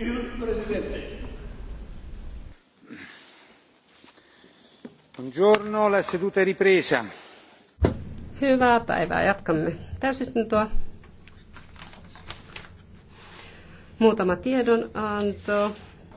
Presidente. Buongiorno, la seduta è ripresa. Hyvää päivää, jatkamme täysistuntoa. Muutama tiedonanto.